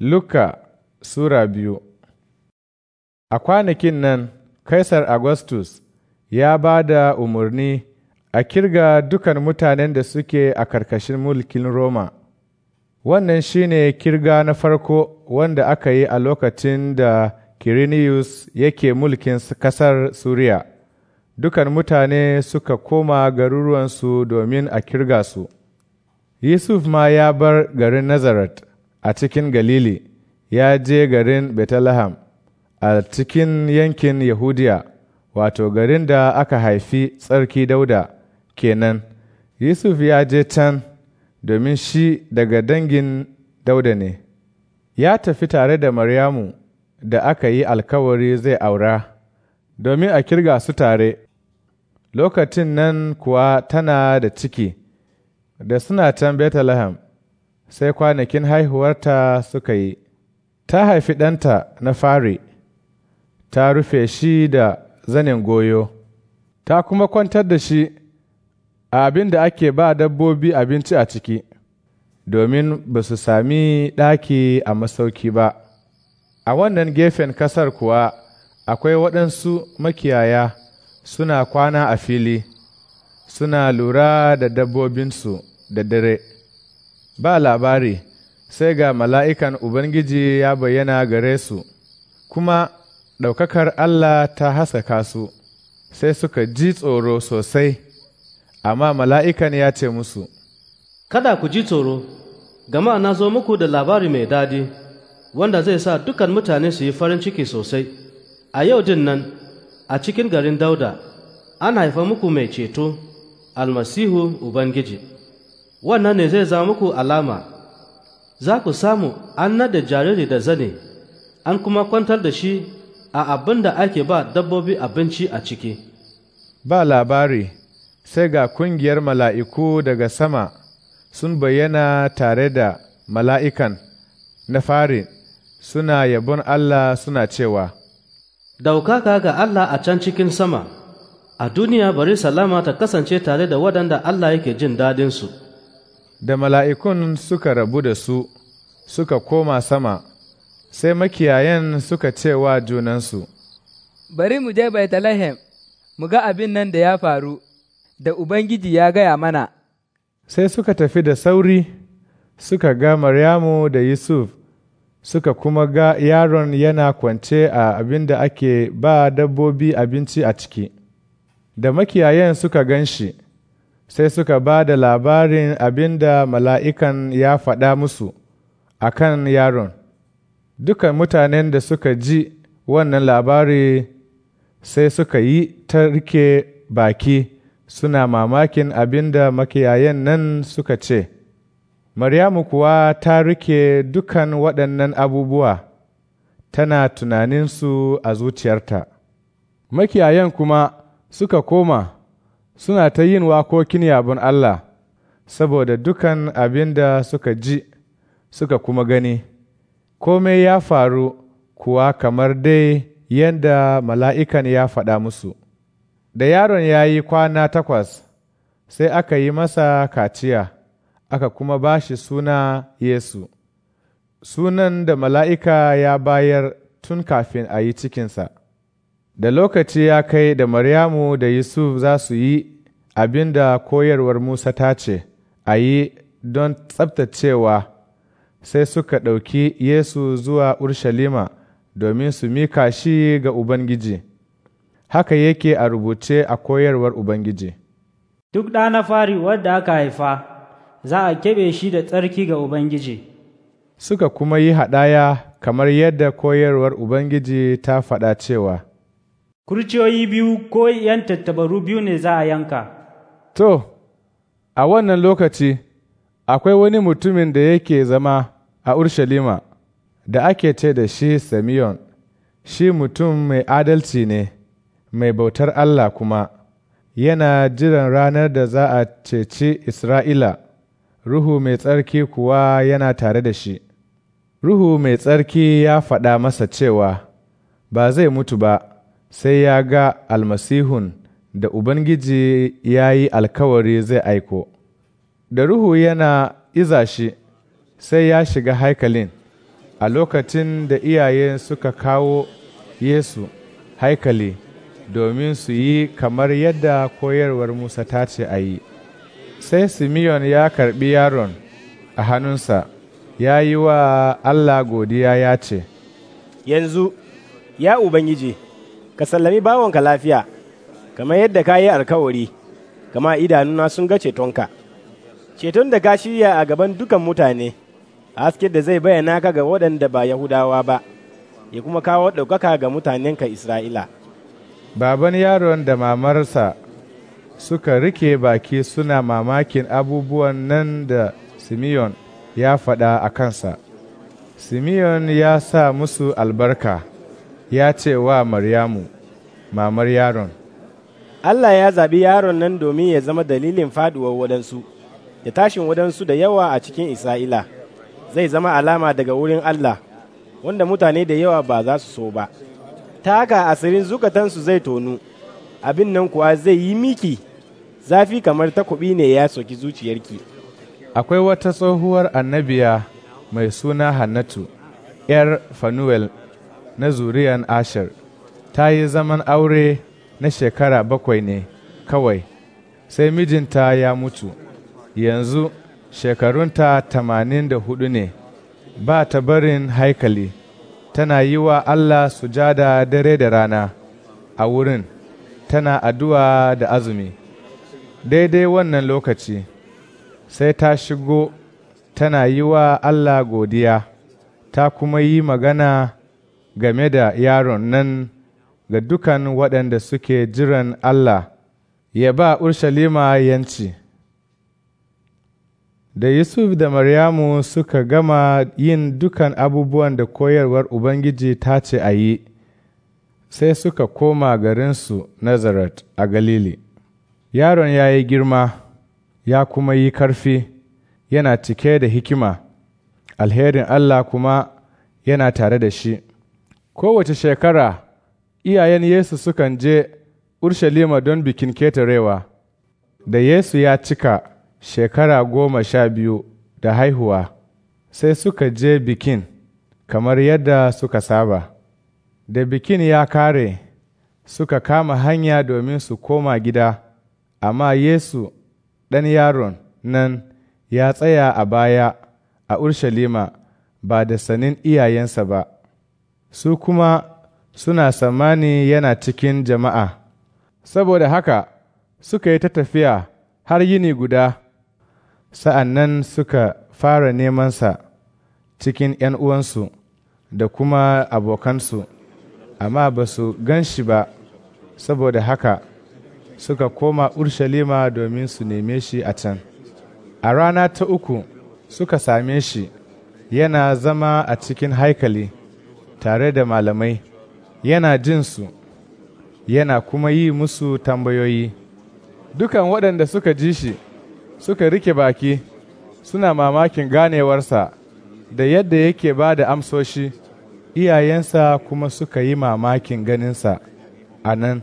Luka Sura biyu A kwanakin nan, Kaisar Augustus ya ba da umarni a kirga dukan mutanen da suke a karkashin mulkin Roma. Wannan shi ne kirga na farko wanda aka yi a lokacin da kirinius yake mulkin ƙasar Suriya. Dukan mutane suka koma garuruwansu domin a kirga su. Yusuf ma ya bar garin Nazaret. a cikin Galili, ya je garin Betlehem a cikin yankin Yahudiya, wato garin da aka haifi tsarki Dauda kenan. Yusuf ya je can domin shi daga dangin Dauda ne. Ya tafi tare da Maryamu da aka yi alkawari zai aura, domin a kirga su tare. Lokacin nan kuwa tana da ciki, da suna can Betlehem. sai kwanakin haihuwarta suka yi, ta haifi ɗanta na fari, ta rufe shi da zanen goyo, ta kuma kwantar da shi a abin da ake ba dabbobi abinci a ciki, domin ba su sami ɗaki a masauki ba. A wannan gefen ƙasar kuwa akwai waɗansu makiyaya suna kwana a fili, suna lura da dabbobinsu da dare. ba labari sai ga mala'ikan Ubangiji ya bayyana gare su, kuma ɗaukakar Allah ta hasaka su, sai suka ji tsoro sosai, amma mala'ikan ya ce musu, Kada ku ji tsoro, gama na zo muku da labari mai daɗi, wanda zai sa dukan mutane su yi farin ciki sosai. A yau din nan, a cikin garin Dauda, an haifa muku mai ceto, almasihu Ubangiji. wannan ne zai zama muku alama za ku samu an da jariri da zane an kuma kwantar da shi a abin da ake ba dabbobi abinci a ciki ba labari sai ga kungiyar mala'iku daga sama sun bayyana tare da mala'ikan na fari suna yabon Allah suna cewa daukaka ga Allah a can cikin sama a duniya bari salama ta kasance tare da waɗanda Allah yake jin dadinsu. su da mala'ikun suka rabu da su, suka koma sama, sai makiyayen suka ce wa junansu, Bari mu je Baitalahem, mu ga abin nan da ya faru, da Ubangiji ya gaya mana. Sai suka tafi da sauri, suka ga Maryamu da Yusuf, suka kuma ga yaron yana kwance a abin da ake ba dabbobi abinci a ciki. Da makiyayen suka gan shi, sai suka ba da labarin abin da mala'ikan ya faɗa musu a kan yaron. Dukan mutanen da suka ji wannan labari sai suka yi ta rike baki suna mamakin abin da makiyayen nan suka ce. Maryamu kuwa ta rike dukan waɗannan abubuwa tana tunaninsu a zuciyarta. Makiyayen kuma suka koma suna ta yin wakokin yabon Allah saboda dukan abin da suka ji suka kuma gani, kome ya faru kuwa kamar dai yadda mala'ikan ya faɗa musu. Da yaron ya yi kwana takwas, sai aka yi masa kaciya, aka kuma ba shi suna Yesu, sunan da mala'ika ya bayar tun kafin a yi cikinsa. Da lokaci ya kai da Maryamu da Yusuf za su yi abin da koyarwar Musa ta ce, a yi don tsabtacewa sai suka ɗauki Yesu zuwa Urshalima domin su mika shi ga Ubangiji. Haka yake a rubuce a koyarwar Ubangiji. Duk ɗa na fari wadda aka haifa za a keɓe shi da tsarki ga Ubangiji. Suka kuma yi haɗaya kamar yadda koyarwar Ubangiji ta faɗa cewa, kurciyoyi biyu ko ‘yan tattabaru biyu ne za a yanka. To, a wannan lokaci, akwai wani mutumin da yake zama a Urshalima da ake ce da shi Simeon, shi mutum mai adalci ne, mai bautar Allah kuma, yana jiran ranar da za a ceci Isra'ila, Ruhu mai tsarki kuwa yana tare da shi. Ruhu mai tsarki ya faɗa masa cewa, Ba zai mutu ba. sai ya ga almasihun da Ubangiji ya yi alkawari zai aiko. Da Ruhu yana iza shi, sai ya shiga haikalin, a lokacin da iyaye suka kawo Yesu haikali domin su yi kamar yadda koyarwar Musa ta ce a yi. Sai Simeon ya karbi yaron a hannunsa, ya yi wa Allah godiya ya ce, Yanzu, ya Ubangiji, ka sallami bawonka lafiya kamar yadda ka yi alkawari kama idanuna sun ga cetonka ceton da ka shirya a gaban dukan mutane haske da zai bayyana ka ga waɗanda ba yahudawa ba ya kuma kawo ɗaukaka ga mutanen ka isra'ila baban yaron da mamarsa suka rike baki suna mamakin abubuwan nan da simeon ya faɗa a kansa simeon ya sa musu albarka ya ce wa Maryamu, mamar yaron, Allah ya zaɓi yaron nan domin ya zama dalilin faduwar waɗansu, da tashin waɗansu da yawa a cikin Isra'ila, zai zama alama daga wurin Allah, wanda mutane da yawa ba za su so ba. Ta haka asirin zukatansu zai tonu, abin nan kuwa zai yi miki, zafi kamar takobi ne ya soki zuciyarki. Akwai wata tsohuwar annabiya mai suna Hannatu, ‘yar Fanuel na zuriyan Asher, ta yi zaman aure na shekara bakwai ne kawai, sai mijinta ya mutu, yanzu shekarunta tamanin da hudu ne, ba ta barin haikali, tana yi wa Allah sujada dare da rana a wurin, tana addu'a da azumi. Daidai wannan lokaci, sai ta shigo tana yi wa Allah godiya, ta kuma yi magana game da yaron nan ga dukan waɗanda suke jiran Allah ya ba Urshalima yanci. Da Yusuf da Maryamu suka gama yin dukan abubuwan da koyarwar Ubangiji ta ce a yi, sai suka koma garinsu Nazaret a Galili. Yaron ya yi girma, ya kuma yi karfi, yana cike da hikima, alherin Allah kuma yana tare da shi. Kowace shekara, iyayen Yesu sukan je Urshalima don bikin ketarewa, da Yesu ya cika shekara goma sha biyu da haihuwa, sai suka je bikin kamar yadda suka saba. Da bikin ya kare, suka kama hanya domin su koma gida, amma Yesu ɗan yaron nan ya tsaya a baya a Urshalima ba da sanin iyayensa ba. su kuma suna tsammani yana cikin jama'a, saboda haka suka yi ta tafiya har yini guda, sa'an nan suka fara nemansa cikin ’yan uwansu da kuma abokansu, amma ba su gan shi ba, saboda haka suka koma Urshalima domin su neme shi a can. A rana ta uku suka same shi yana zama a cikin haikali. tare da malamai yana jin su yana kuma yi musu tambayoyi dukan waɗanda suka ji shi suka rike baki suna mamakin ganewarsa da yadda yake ba da amsoshi iyayensa kuma suka yi mamakin ganinsa a nan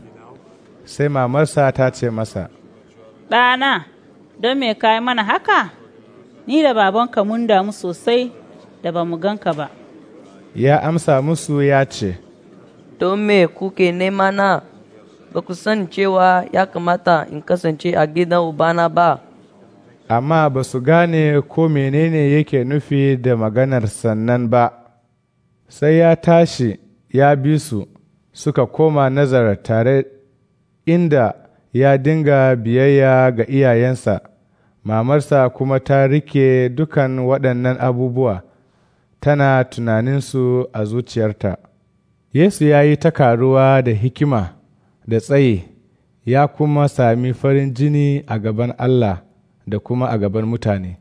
sai mamarsa ta ce masa ɗana don me kayi mana haka ni da babanka mun damu sosai da ba mu ganka ba ya amsa musu ya ce, Don me kuke nema na, ba ku san cewa ya kamata in kasance a gidan Ubana ba. Amma ba su gane ko menene yake nufi da maganar sannan ba, sai ya tashi ya bi su suka koma nazara tare inda ya dinga biyayya ga iyayensa, mamarsa kuma ta rike dukan waɗannan abubuwa. tana tunaninsu a zuciyarta. Yesu ya yi ta karuwa da hikima da tsaye, ya kuma sami farin jini a gaban Allah da kuma a gaban mutane.